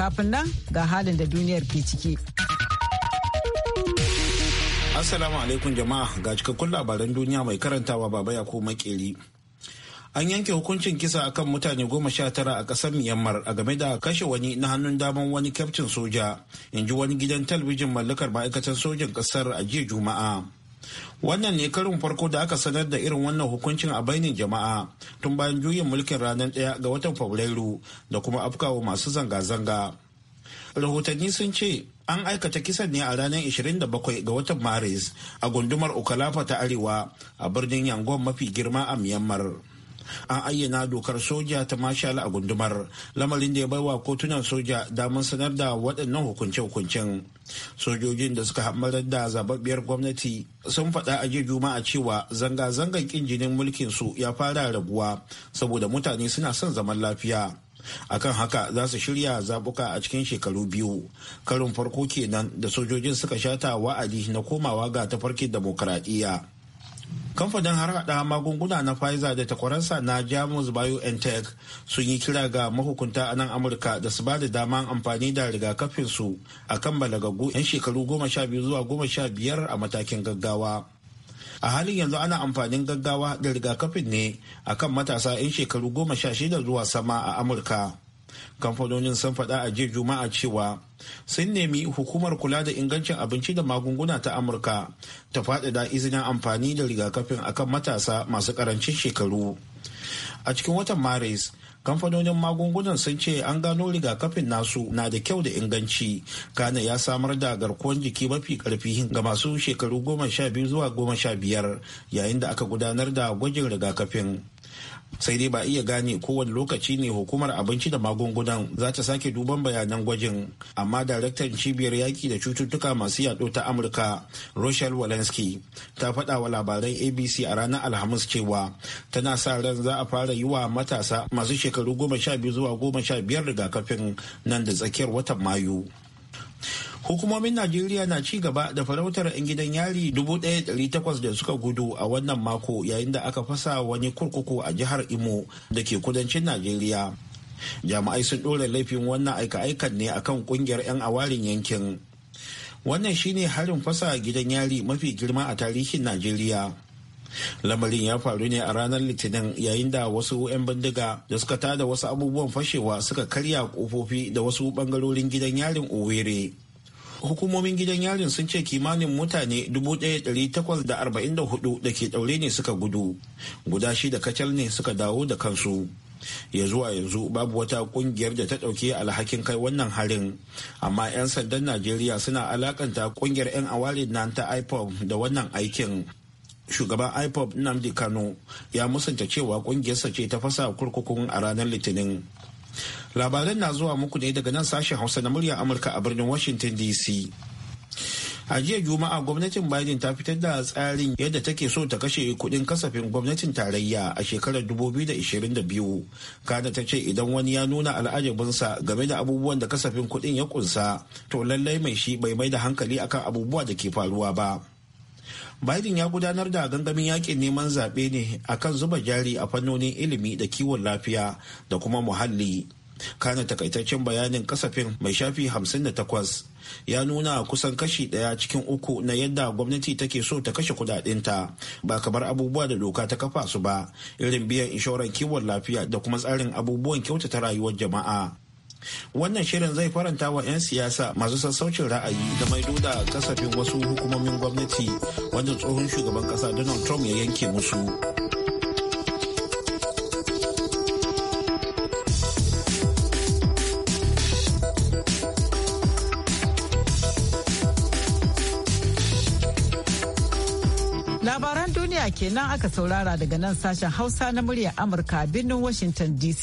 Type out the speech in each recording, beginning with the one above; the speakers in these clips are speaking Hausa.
kafin nan ga halin da duniyar ke ciki. Assalamu alaikum jama'a ga cikakkun labaran duniya mai karantawa baba ya makeri. An yanke hukuncin kisa akan mutane goma sha tara a ƙasar Myanmar a game da kashe wani na hannun daman wani kyaftin soja, in ji wani gidan talabijin mallakar ma'aikatan sojan ƙasar a jiya Juma'a. wannan ne karin farko da aka sanar da irin wannan hukuncin a bainin jama'a tun bayan juyin mulkin ranar ɗaya ga watan fabrairu da kuma afkawa masu zanga-zanga rahotanni sun ce an aikata kisan ne a ranar 27 ga watan maris a gundumar okalafa ta arewa a birnin yangon mafi girma a myanmar an ayyana dokar soja ta mashal a gundumar lamarin da ya baiwa kotunan soja damar sanar da waɗannan hukunce-hukuncen sojojin da suka hamarar da zababbiyar gwamnati sun faɗa a jiya juma'a cewa zanga-zangar ƙin jinin mulkin su ya fara raguwa saboda mutane suna son zaman lafiya akan haka za su shirya zabuka a cikin shekaru biyu karin farko kenan da sojojin suka shata wa'adi na komawa ga tafarkin demokradiyya kamfanin har hada magunguna na pfizer da takwaransa na jamus biontech sun yi kira ga mahukunta a nan amurka da su ba da dama amfani da rigakafinsu a kan balagagu 'yan shekaru goma sha biyu zuwa goma sha biyar a matakin gaggawa a halin yanzu ana amfanin gaggawa da rigakafin ne a kan matasa 'yan shekaru goma sha shida zuwa sama a amurka kamfanonin sun faɗa a jiya juma'a cewa sun nemi hukumar kula da ingancin abinci da magunguna ta amurka ta faɗaɗa izinin amfani da rigakafin akan matasa masu ƙarancin shekaru a cikin watan maris kamfanonin magungunan sun ce an gano rigakafin nasu na da kyau da inganci kana ya samar da garkuwar jiki mafi karfi ga masu shekaru goma sha biyu zuwa goma sha biyar yayin da aka gudanar da gwajin rigakafin sai dai ba iya gane kowane lokaci ne hukumar abinci da magungunan za ta sake duban bayanan gwajin amma daraktan cibiyar yaki da cututtuka masu yaɗo ta amurka rochelle walensky ta faɗa wa labaran abc a ranar alhamis cewa tana sa ran za a fara yi wa matasa masu shekaru goma sha biyu zuwa goma sha biyar rigakafin nan da tsakiyar watan mayu hukumomin najeriya na ci gaba da farautar 'yan gidan yari 1,800 da suka gudu a wannan mako yayin da aka fasa wani kurkuku a jihar imo da ke kudancin najeriya jami'ai sun ɗora laifin wannan aika-aikan ne akan kungiyar 'yan awarin yankin wannan shine harin fasa gidan yari mafi girma a tarihin najeriya lamarin ya faru ne a ranar litinin yayin da wasu 'yan bindiga da suka tada wasu abubuwan fashewa suka karya kofofi da wasu bangarorin gidan yarin owerri hukumomin gidan yarin sun ce kimanin mutane 1844 da ke daure ne suka gudu guda shi da kacal ne suka dawo da kansu ya zuwa yanzu babu wata kungiyar da ta ɗauki alhakin kai wannan harin amma 'yan sandan najeriya suna alakanta kungiyar 'yan awali na ta ipob da wannan aikin shugaban ipob nnamdi kano ya musanta cewa kungiyarsa ce ta fasa kurkukun a ranar litinin labaran na zuwa muku ne daga nan sashen hausa na murya amurka a birnin washington dc a jiya juma'a gwamnatin biden ta fitar da tsarin yadda take so ta kashe kudin kasafin gwamnatin tarayya a shekarar 2022 kada ta ce idan wani ya nuna al'ajabinsa game da abubuwan da kasafin kudin ya kunsa to lallai mai shi bai mai da hankali akan abubuwa da ke faruwa ba Biden ya gudanar da gangamin yakin neman zaɓe ne a kan zuba jari a fannonin ilimi da kiwon lafiya da kuma muhalli. Kana takaitaccen bayanin kasafin mai shafi 58 ya nuna kusan kashi ɗaya cikin uku na yadda gwamnati take so ta kashe kudadinta ba kamar abubuwa da doka ta kafa su ba irin biyan inshorar kiwon lafiya da kuma tsarin abubuwan kyautata rayuwar jama'a. wannan shirin zai faranta wa 'yan siyasa masu sassaucin ra'ayi da maido da kasafin wasu hukumomin gwamnati wanda tsohon shugaban kasa donald trump ya yanke musu labaran duniya kenan aka saurara daga nan sashen hausa na muryar amurka birnin washington dc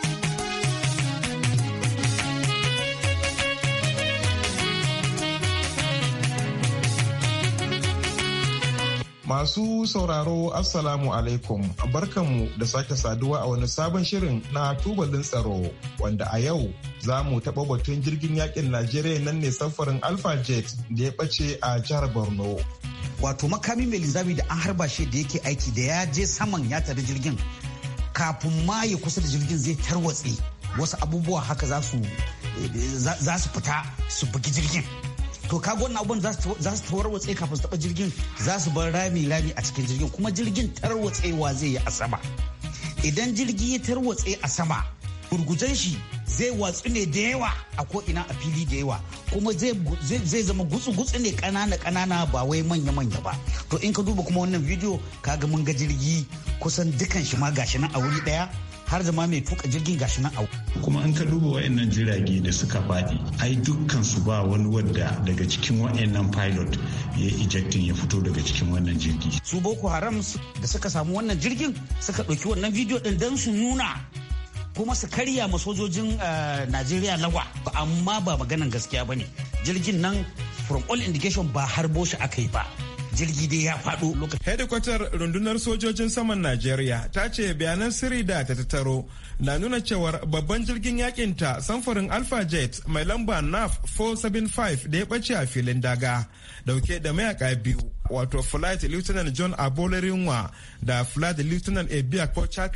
Masu sauraro Assalamu alaikum barkanmu da sake saduwa a wani sabon shirin na tubalin tsaro wanda a yau za mu taɓa batun jirgin yakin Najeriya nan ne samfarin Alpha Jet da ya ɓace a jihar Borno. Wato makami mai linzami da an harba shi da yake aiki da ya je saman ya tare jirgin kafin ma ya kusa da jirgin zai tarwatse wasu abubuwa haka za su fita su bugi jirgin. to ka gona abun za su tarwatse kafin su taba jirgin za su bar rami rami a cikin jirgin kuma jirgin tarwatsewa zai yi a sama idan jirgi ya tarwatse a sama gurgujen shi zai watsu ne da yawa a ko'ina a fili da yawa kuma zai zama gutsu-gutsu ne kanana-kanana ba wai manya-manya ba to in ka duba kuma wannan ka kaga mun ga jirgi kusan dukan shi ma gashi nan a wuri daya har zama mai tuka jirgin gashi nan a kuma an ka duba wayannan jirage da suka faɗi ai dukkan su ba wani wadda daga cikin wayannan pilot ya ejecting ya fito daga cikin wannan jirgi su boko haram da suka samu wannan jirgin suka ɗauki wannan bidiyo ɗin dan su nuna kuma su karya ma sojojin eh, najeriya lawa amma ba maganan gaskiya ba ne jirgin nan from all indication ba harbo shi aka ba jirgi dai ya faɗo lokacin. Hedikwatar rundunar sojojin saman Najeriya ta ce bayanan sirri da ta tattaro na nuna cewar babban jirgin yakin ta samfurin Alpha Jet mai lamba NAF 475 da ya bace a filin daga dauke da mayaka biyu. Wato Flight Lieutenant John abolerinwa da Flight Lieutenant Ebiakpo wata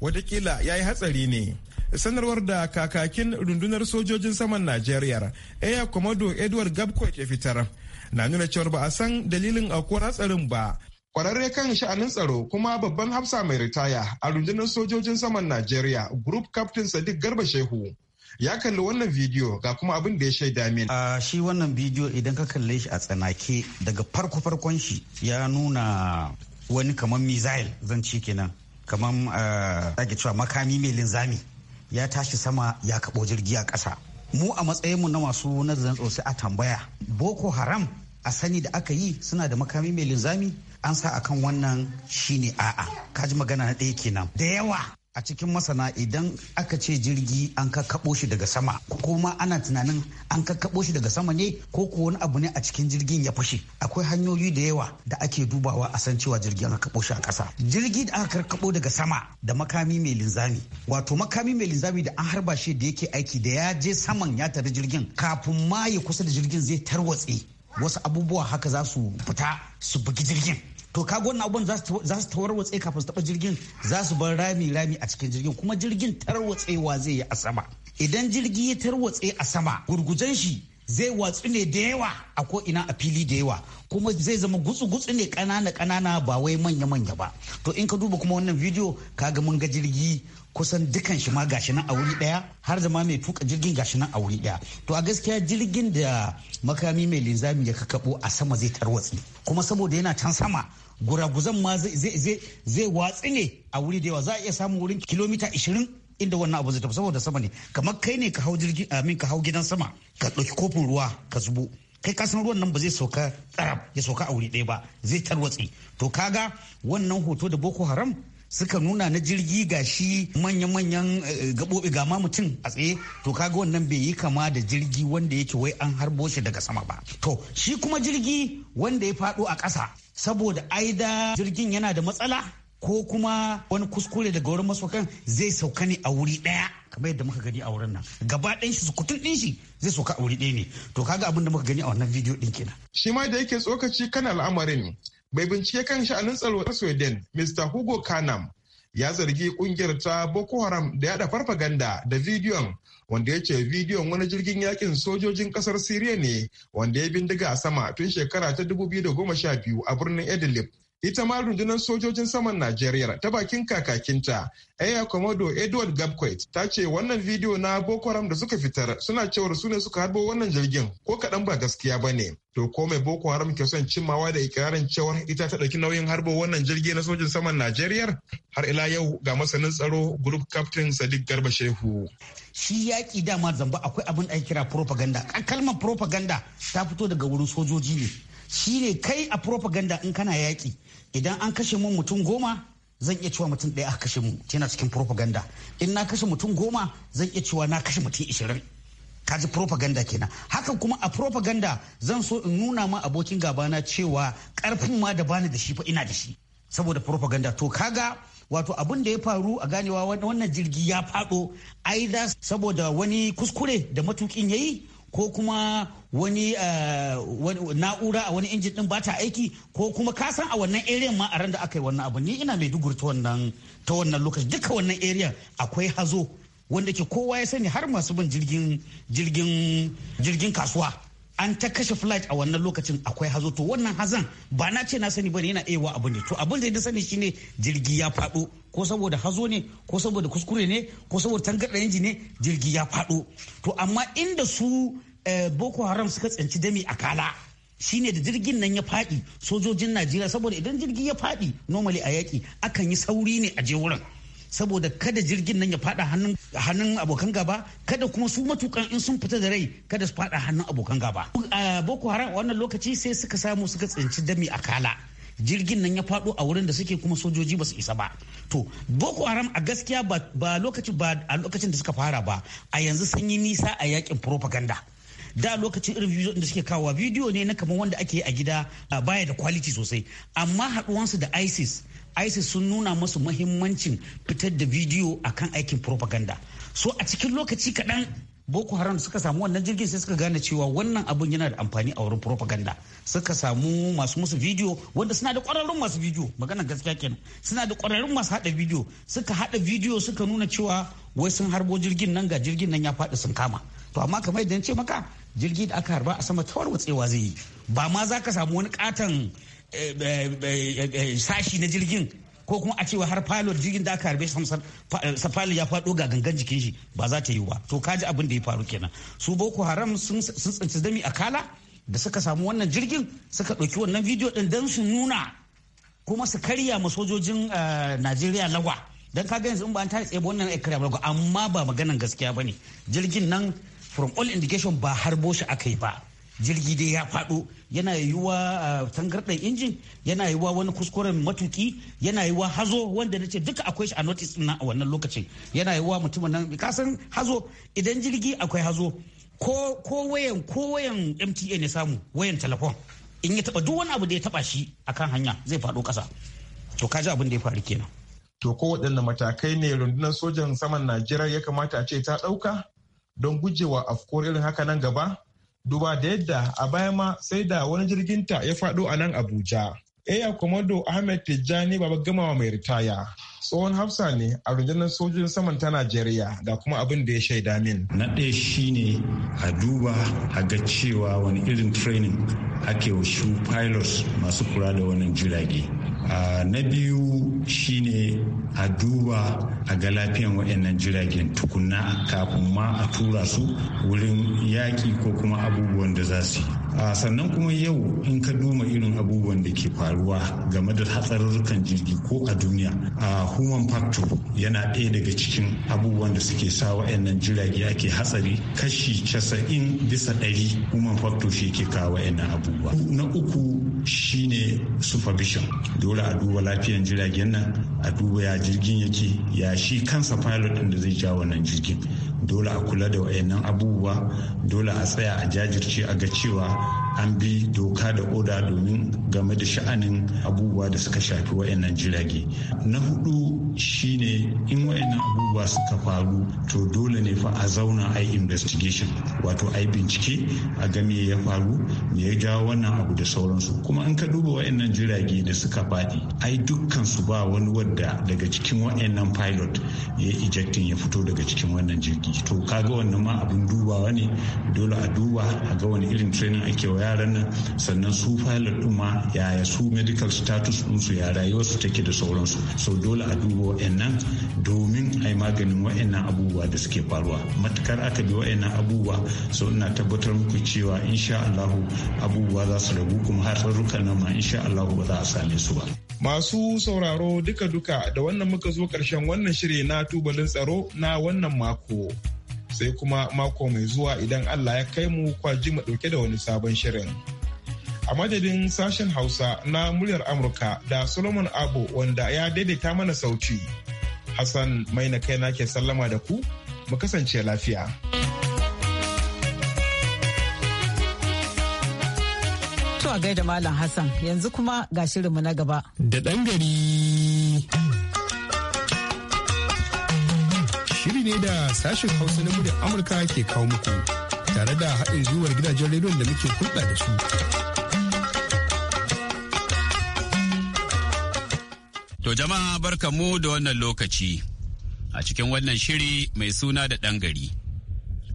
watakila ya yi hatsari ne. sanarwar da kakakin rundunar sojojin saman Najeriya, Air Commodore Edward Gabko ya fitar na nuna cewar ba a san dalilin aukuwar hatsarin ba kwararre kan sha'anin tsaro kuma babban hafsa mai ritaya a rundunar sojojin saman najeriya group captain sadiq garba shehu ya kalli wannan bidiyo ga kuma abin da ya shaida min. A shi wannan bidiyo idan ka kalle shi a tsanake daga farko farkon shi ya nuna wani kamar misail zan ci kenan kamar eh, a cewa makami mai linzami ya tashi sama ya kabo jirgi a kasa. mu a matsayin mu na masu nazarin tsotsi a tambaya boko haram a sani da aka yi suna da makami mai linzami an sa akan wannan shine a'a kaji magana na ɗaya kenan da yawa a cikin masana idan aka ce jirgi an kakkaɓo shi daga sama ko ana tunanin an kakkaɓo shi daga sama ne ko ko wani abu ne a cikin jirgin ya fashe akwai hanyoyi da yawa da ake dubawa a san cewa jirgi an kakkaɓo shi a ƙasa jirgi da aka kakkaɓo daga sama da makami mai linzami wato makami mai linzami da an harba shi da yake aiki da ya je saman ya tare jirgin kafin ma ya kusa da jirgin zai tarwatse wasu abubuwa haka za su fita su bugi jirgin to ka wannan abun za su watse kafin su taba jirgin za su bar rami rami a cikin jirgin kuma jirgin tarwatsewa zai yi a sama idan jirgi ya tarwatse a sama gurgujen shi zai watsu ne da yawa a ko ina a fili da yawa kuma zai zama gutsu-gutsu ne kanana-kanana ba wai manya-manya ba to in ka duba kuma wannan bidiyo kaga mun ga jirgi kusan dukan shi ma gashi nan a wuri daya har zama mai tuka jirgin gashi nan a wuri daya to a gaskiya jirgin da makami mai linzami ya kakabo a sama zai tarwatsi kuma saboda yana can sama guraguzan ma zai watsi ne a wuri da yawa za a iya samun wurin kilomita 20 inda wannan abu zai tafi saboda sama ne kamar kai ne ka hau jirgin amin ka hau gidan sama ka ɗauki kofin ruwa ka zubo kai ka san ruwan nan ba zai sauka tsarab ya sauka a wuri ɗaya ba zai tarwatsi to kaga wannan hoto da boko haram suka nuna na jirgi ga shi manya-manyan eh, gaɓoɓi ga ma mutum a tsaye to kaga wannan bai yi kama da jirgi wanda yake wai an harbo shi daga sama ba to shi kuma jirgi wanda ya faɗo a ƙasa saboda aida jirgin yana da matsala ko kuma wani kuskure daga wurin masaukan zai sauka ne a wuri ɗaya kamar yadda muka gani a wurin nan gaba ɗayan shi sukutun ɗin shi zai sauka a wuri ɗaya ne to kaga abin da muka gani a wannan bidiyo ɗin kenan shi ma da yake tsokaci kan al'amarin mai bincike kan sha'anin tsaro na sweden mr hugo kanam ya zargi kungiyar ta boko haram da yada farfaganda da bidiyon wanda ya ce bidiyon wani jirgin yakin sojojin kasar siriya ne wanda ya bindiga a sama tun shekara ta 2012 a birnin idlib ita ma rundunar sojojin saman Najeriya ta bakin kakakinta Aya Komodo Edward Gabquet ta ce wannan bidiyo na Boko Haram da suka fitar suna cewar su ne suka harbo wannan jirgin ko kaɗan ba gaskiya ba ne. To ko mai Boko Haram ke son cimmawa da ikirarin cewar ita ta ɗauki nauyin harbo wannan jirgi na sojin saman Najeriya har ila yau ga masanin tsaro Group Captain Sadiq Garba Shehu. Shi yaƙi dama zamba akwai abin da ake kira propaganda. Kalmar propaganda ta fito daga wurin sojoji ne. Shi ne kai a propaganda in kana yaki idan an kashe mun mutum goma zan iya cewa mutum ɗaya aka kashe mu yana cikin propaganda in na kashe mutum goma zan iya cewa na kashe mutum ishirin kaji propaganda kenan hakan kuma a propaganda zan so in nuna ma abokin gaba na cewa karfin ma da bani da shi fa ina da shi saboda propaganda to kaga wato abin da ya faru a ganewa wannan jirgi ya fado aida saboda wani kuskure da matukin yayi ko kuma eh, wani na'ura a wani injin din ba ta aiki ko kuma ka san a wannan area ma a ran da aka yi wannan abu ni ina mai dugur ta wannan ta wannan lokaci duka wannan area akwai hazo wanda ke kowa ya sani har masu bin jirgin jirgin jirgin kasuwa an ta kashe flight a wannan lokacin akwai hazo to wannan hazan ba na ce na sani bane yana ewa abu ne to abin da ya sani shine jirgi ya fado ko saboda hazo ne ko saboda kuskure ne ko saboda tangarɗa inji ne jirgi ya fado to amma inda su eh, boko haram suka tsinci dami a kala shine da jirgin nan ya faɗi sojojin najeriya saboda idan jirgi ya faɗi normally a yaƙi akan yi sauri ne a je wurin saboda kada jirgin nan ya fada hannun abokan gaba kada kuma su matukan in sun fita da rai kada su fada hannun abokan gaba boko haram wannan lokaci sai suka samu suka tsinci dami a kala jirgin nan ya fado a wurin da suke kuma sojoji ba su isa ba to boko haram a gaskiya ba lokaci ba a lokacin da suka fara ba a yanzu sun yi nisa a yakin propaganda da lokacin irin da suke kawo bidiyo ne na kamar wanda ake yi a gida baya da quality sosai amma haɗuwansu da isis isis sun nuna masu mahimmancin fitar da bidiyo akan aikin propaganda so a cikin lokaci kaɗan boko haram suka samu wannan jirgin sai suka gane cewa wannan abun yana da amfani a wurin propaganda suka samu masu musu bidiyo wanda suna da kwararrun masu bidiyo magana gaskiya kenan suna da kwararrun masu haɗa bidiyo suka haɗa bidiyo suka nuna cewa wai sun harbo jirgin nan ga jirgin nan ya faɗi sun kama to amma kamar yadda ce maka jirgi da aka harba a sama tawar watsewa zai yi ba ma za ka samu wani katon sashi na jirgin ko kuma a cewa har falo jirgin da aka harbe eh, safali ya faɗo ga gangan jikin shi ba za ta yi ba to kaji abin da ya faru kenan su boko haram sun tsinci dami a kala da suka samu wannan jirgin suka ɗauki wannan bidiyo ɗin don su nuna kuma su karya ma sojojin eh, najeriya lagwa don ka yanzu in ba an ta tsaye wannan ikirya lagwa amma ba maganan gaskiya ba ne jirgin nan from all indication ba harbo shi aka yi ba jirgi dai ya faɗo yana yiwuwa tangarɗar injin yana yiwuwa wani kuskuren matuki yana yiwuwa hazo wanda na ce duka akwai shi a notice ɗin a wannan lokacin yana wa mutumin nan kasan hazo idan jirgi akwai hazo ko wayan ko wayan mta ne samu wayan telefon in ya taba duk wani abu da ya taba shi akan hanya zai faɗo ƙasa to ka ji abin da ya faru kenan to ko waɗanne matakai ne rundunar sojan saman najeriya ya kamata a ce ta ɗauka don gujewa afkuwar irin haka nan gaba duba da yadda a baya ma sai da wani jirgin ta ya faɗo a nan abuja Eya Komodo Ahmed Tijjani Baba Gamawa mai ritaya. Tsohon Hafsa ne a rundunar sojojin saman ta Najeriya da kuma abin da ya shaida min. Na ɗaya shine a duba a ga cewa wani irin training ake wa shu pilots masu kula da wannan jirage. na biyu shine a duba a ga lafiyan waɗannan jiragen tukunna kafin ma a tura su wurin yaƙi ko kuma abubuwan da za su yi sannan kuma yau in ka duma irin abubuwan da ke faruwa game da hatsarurrukan jirgi ko a duniya a human factor yana ɗaya daga cikin abubuwan da suke sa wa'annan jirage ake hatsari kashi casa'in bisa ɗari human factor shi ke kawo wa'annan abubuwa na uku shine supervision dole a duba lafiyan jiragen nan a duba ya jirgin yake ya shi kansa pilot din da zai ja wannan jirgin dole a kula da wayannan abubuwa dole a tsaya a jajirce a ga cewa an bi doka da oda domin game da sha'anin abubuwa da suka shafi wayannan jirage na hudu shine in wa'annan abubuwa suka faru to dole ne fa a zauna a investigation wato a bincike a game ya faru me ya jawo wannan abu da sauransu kuma in ka duba wa'annan jirage da suka faɗi ai dukkan su ba wani wadda daga cikin wa'annan pilot ya ejecting ya fito daga cikin wannan jirgi to kaga wannan ma abin dubawa ne dole a duba a ga wani irin training ake wa yaran nan sannan su pilot ɗin ma yaya su medical status ɗinsu ya rayuwarsu take da sauransu so dole a duba wa'annan domin a yi maganin wa'annan abubuwa da suke faruwa matukar aka bi wa'annan abubuwa so ina tabbatar muku cewa insha Allahu abubuwa za su ragu kuma hatsarurrukan nan ma insha Allahu ba za a same su ba Masu sauraro duka-duka da wannan muka zo karshen wannan shiri na tubalin tsaro na wannan mako. Sai kuma mako mai zuwa idan Allah ya kai mu kwaji mu ɗauke da wani sabon shirin. a madadin sashen hausa na muryar amurka da solomon abu wanda ya daidaita mana sauti hassan mai na kaina ke sallama da ku mu kasance lafiya to a gaida malam hassan yanzu kuma ga shirinmu na gaba da ɗan gari shiri ne da sashen hausa na muryar amurka ke kawo muku tare da haɗin gwiwar gidajen rediyon da muke hulɗa da su To jama'a barka mu da wannan lokaci a cikin wannan shiri mai suna da ɗan gari.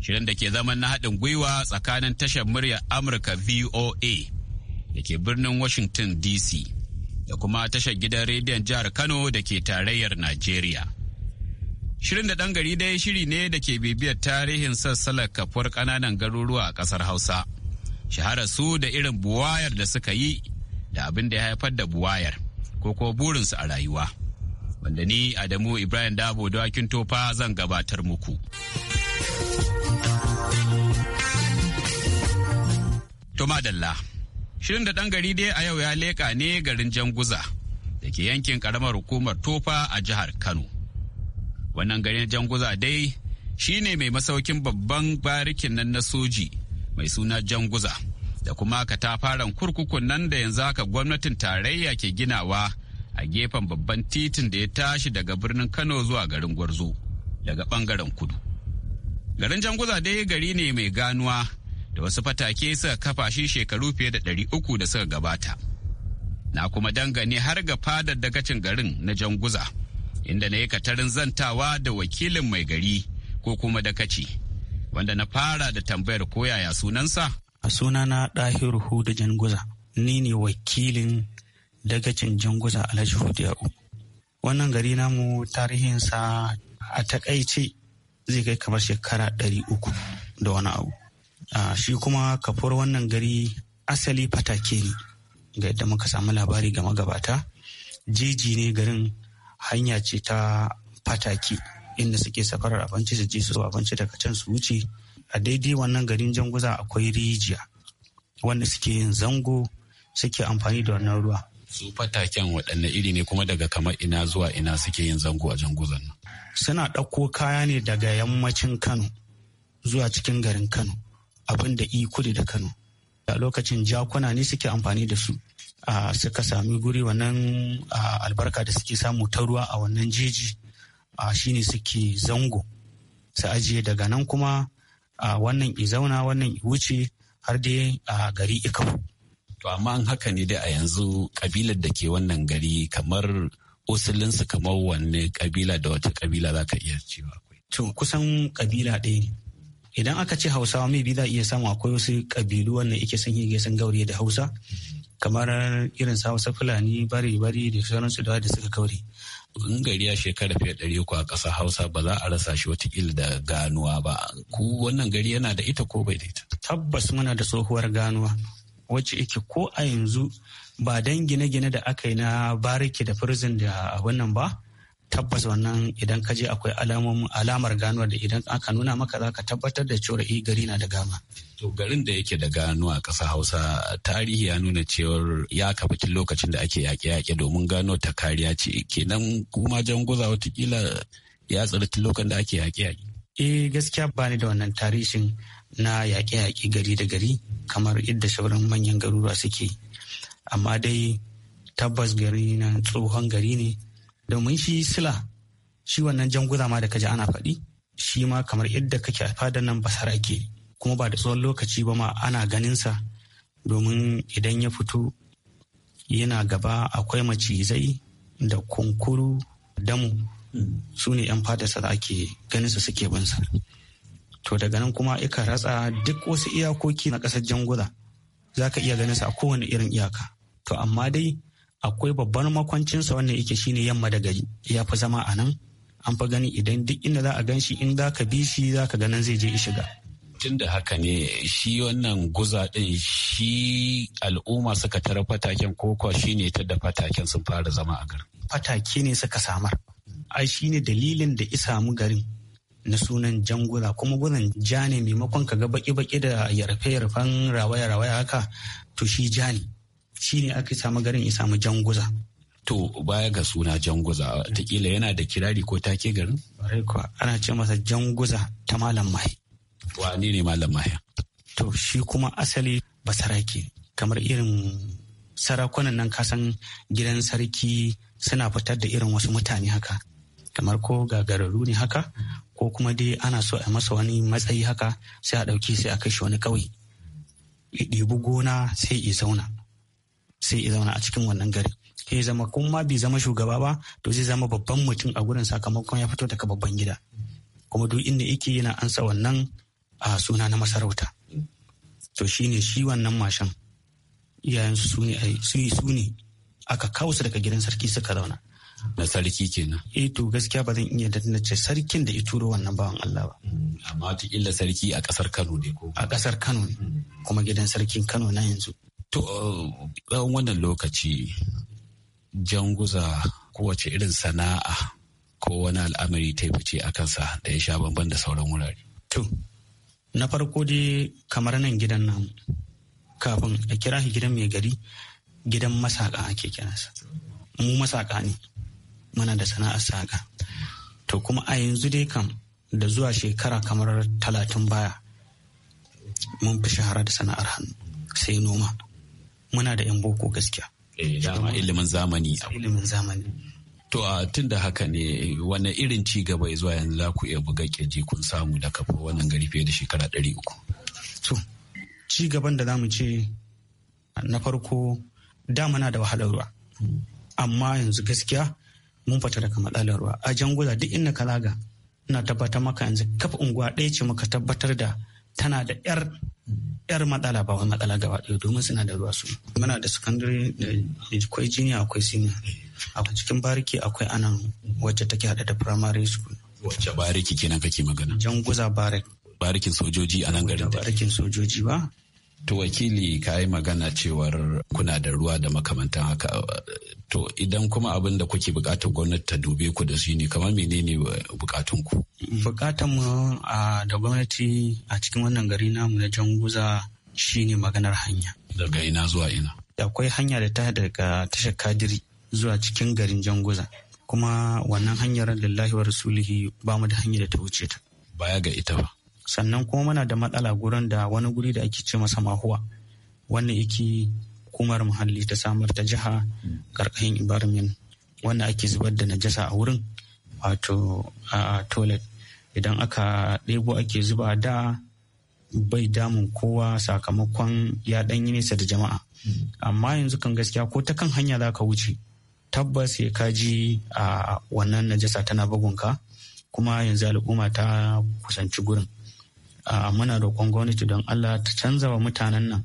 Shirin da ke zaman na haɗin gwiwa tsakanin tashar muryar Amurka VOA da ke birnin Washington DC da kuma tashar gidan rediyon jihar Kano da ke tarayyar Najeriya. Shirin da ɗan gari dai shiri ne da ke bibiyar tarihin sassalar kafuwar ƙananan garuruwa a ƙasar Hausa. shahararsu da irin buwayar da suka yi da abin da ya haifar da buwayar ko kuma burinsu a rayuwa. Wanda ni Adamu Ibrahim Dabo dawakin tofa zan gabatar muku. Toma Dalla Shirin da ɗan gari dai a yau ya leƙa ne garin Janguza da ke yankin ƙaramar hukumar Tofa a jihar Kano. Wannan garin Janguza dai shi ne mai masaukin babban barikin nan na soji mai suna Janguza. da kuma ta fara kurkukun nan da yanzu haka gwamnatin tarayya ke ginawa a gefen babban titin da ya tashi daga birnin kano zuwa garin gwarzo daga bangaren kudu garin janguza dai gari ne mai ganuwa da wasu fatake suka kafa shi shekaru fiye da ɗari uku da suka gabata na kuma dangane har ga fadar dagacin garin na janguza inda na yi katarin zantawa da wakilin mai gari ko kuma dakaci wanda na fara da tambayar koyaya sunansa a sunana ɗahiru huda janguza ni ne wakilin dagacin janguza alhaji hudu ya'u wannan gari namu tarihinsa a takaice zai kai kamar shekara ɗari uku da wani abu shi kuma kafar wannan gari asali fatake ne ga yadda muka samu labari ga magabata jeji ne garin hanya ce ta fataki inda suke safarar abinci su je su abinci daga can su wuce a daidai wannan garin janguza akwai rijiya wanda suke yin zango suke amfani da wannan ruwa su fataken waɗanne iri ne kuma daga kamar ina zuwa ina suke yin zango a janguzan nan suna ɗauko kaya ne daga yammacin kano zuwa cikin garin kano abin da kudu da kano a lokacin jakuna ne suke amfani da su a suka sami guri wannan albarka da suke samu ta ruwa a wannan jeji a shine suke zango su ajiye daga nan kuma a wannan i zauna wannan i wuce har dai a gari ikau. To amma an haka ne dai a yanzu kabilar da ke wannan gari kamar usulinsu kamar wanne kabila da wata kabila za ka iya cewa akwai. To kusan kabila ɗaya ne. Idan aka ce Hausawa mai za iya samu akwai wasu kabilu wannan ike sun yi gaisan gauri da Hausa kamar irin su Hausa Fulani bari bari da sauransu da da suka kaure. in gari ya shekara fiye ɗari uku a ƙasar hausa ba za a rasa shi wata watakila da ganuwa ba ku wannan gari yana da ita ko bai da ita tabbas muna da tsohuwar ganuwa wacce ike ko a yanzu ba dan gine-gine da aka yi na bariki da prison da wannan ba tabbas wannan idan ka je akwai alamar ganuwa da idan aka nuna maka za ka tabbatar da cewa i eh, gari na da gama. To garin da yake da ganuwa a ƙasa Hausa tarihi ya nuna cewar ya kafa tun lokacin da ake yaƙe-yaƙe domin gano ta kariya ce kenan kuma janguza watakila ya tsira tun lokacin da ake yaƙe-yaƙe. Eh gaskiya ba ni da wannan tarihin na yaƙe-yaƙe gari da gari kamar yadda sauran manyan garuruwa suke amma dai tabbas gari na tsohon gari ne domin shi sila shi wannan jan ma da ka kaji ana faɗi shi ma kamar yadda kake a fadar nan basara ke kuma ba da tsawon lokaci ba ma ana ganinsa domin idan ya fito yana gaba akwai macizai da kunkuru damu su ne 'yan fadarsa da ake ganinsa suke binsa to daga nan kuma ika ratsa duk wasu iyakoki na ƙasar janguza za ka iya ganinsa a kowane irin iyaka to amma dai akwai babban makwancinsa wannan yake shine yamma da gari ya fi zama a nan an fi gani idan duk inda za a gan shi in za ka bi shi za ka ganin zai je shiga. tun da haka ne shi wannan guza din shi al'umma suka tara fataken kokowa shi ne ta da fataken sun fara zama a garin. fatake ne suka samar ai shi ne dalilin da isa garin na sunan jan guza kuma guzan ja maimakon ka ga baki-baki da yarfe-yarfen rawaya-rawaya haka to shi ja ne shine aka samu garin ya samu janguza to baya ga suna janguza taƙila yana da kirari ko take garin ana ce masa janguza ta malam mahi wani ne malam mahi to shi kuma asali basarake kamar irin sarakunan nan kasan gidan sarki suna fitar da irin wasu mutane haka kamar ko gagararru ne haka ko kuma dai ana so a masa wani matsayi haka sai a ɗauki sai a kai shi wani ƙauye ɗibi gona sai i zauna sai ya zauna a cikin wannan gari ya zama kun ma bai zama shugaba ba to zai zama babban mutum a gurin sakamakon ya fito daga babban gida kuma duk inda yake yana ansa wannan a suna na masarauta to shine shi wannan mashin iyayensu su ne su ne aka kawo su daga gidan sarki suka zauna na sarki kenan eh to gaskiya ba zan iya danna ce sarkin da ya turo wannan bawan Allah ba amma ta illa sarki a kasar Kano ne ko a kasar Kano ne kuma gidan sarkin Kano na yanzu To, tsawon wannan lokaci janguza kowace irin sana'a ko wani al'amari ta fice a kansa da ya sha bamban da sauran wurare. To, na farko dai kamar nan gidan nan kafin a kira shi gidan mai gari gidan masaka ake kiransa. Mu masaka ne, muna da sana'ar saka. To kuma a yanzu dai kam da zuwa shekara kamar talatin baya mun fi shahara da sana'ar hannu sai noma. muna da 'yan boko gaskiya. Eh, dama ilimin zamani. Ilimin zamani. To a tun da haka ne wani irin ci gaba ya zuwa yanzu za ku iya buga ƙirji kun samu da kafa wannan gari fiye da shekara ɗari uku. To, ci gaban da zamu ce na farko da muna da wahalar ruwa. Amma yanzu gaskiya mun fita daga matsalar ruwa. A janguza duk inda kalaga na ina tabbatar maka yanzu kafa unguwa ɗaya ce muka tabbatar da tana da 'yar yar matsala ba wani matsala gaba ɗaya domin suna da ruwa su muna da secondary akwai junior akwai senior a cikin bariki akwai anan wacce take hada da primary school wacce bariki kenan kake magana janguza barik barikin sojoji a nan garin barikin sojoji ba To wakili ka yi magana cewar kuna da ruwa da makamantan haka. To idan kuma abin da kuke bukatar gwamnati ta dube ku da shi ne kamar menene bukatun ku? Bukatan mu da gwamnati a cikin wannan gari namu na Janguza shi ne maganar hanya. Daga ina zuwa ina? Akwai hanya da ta daga tashar Kadiri zuwa cikin garin Janguza. Kuma wannan hanyar lillahi wa rasulihi ba mu da hanyar da ta wuce ta. Baya ga ita ba. sannan kuma muna da matsala gurin da wani guri da ake ce masa mahuwa wannan yake kumar muhalli ta samar ta jiha karkashin ibarmin wanda ake zubar da najasa a wurin wato a toilet idan aka ɗebo ake zuba da bai damun kowa sakamakon ya ɗanyi nesa da jama'a amma yanzu kan gaskiya ko ta kan hanya za ka wuce tabbas ya kaji a wannan najasa tana bugunka kuma yanzu al'umma ta kusanci gurin muna roƙon gwamnati don Allah ta canza wa mutanen nan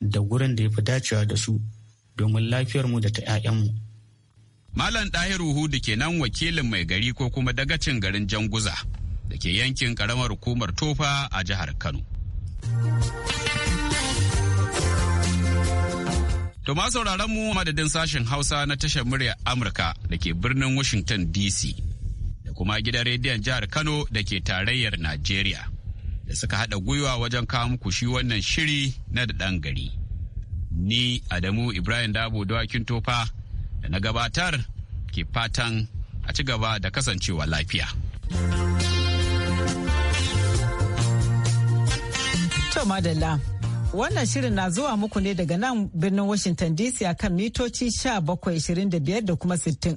da gurin da ya fi dacewa da su domin lafiyar mu da ta 'ya'yanmu. Malam ɗahiru Hudu kenan wakilin mai gari ko kuma dagacin garin Janguza da ke yankin ƙaramar hukumar Tofa a jihar Kano. To ma sauraron mu madadin sashen Hausa na tashar murya Amurka da ke birnin Washington DC da kuma gidan rediyon jihar Kano da ke tarayyar Najeriya. da suka haɗa gwiwa wajen kawo muku shi wannan shiri na da ɗan gari. Ni Adamu Ibrahim Dabo dawakin tofa da na gabatar ke fatan a ci gaba da kasancewa lafiya. To madalla, wannan shirin na zuwa muku ne daga nan birnin Washington DC a kan mitoci 1725 da kuma 60.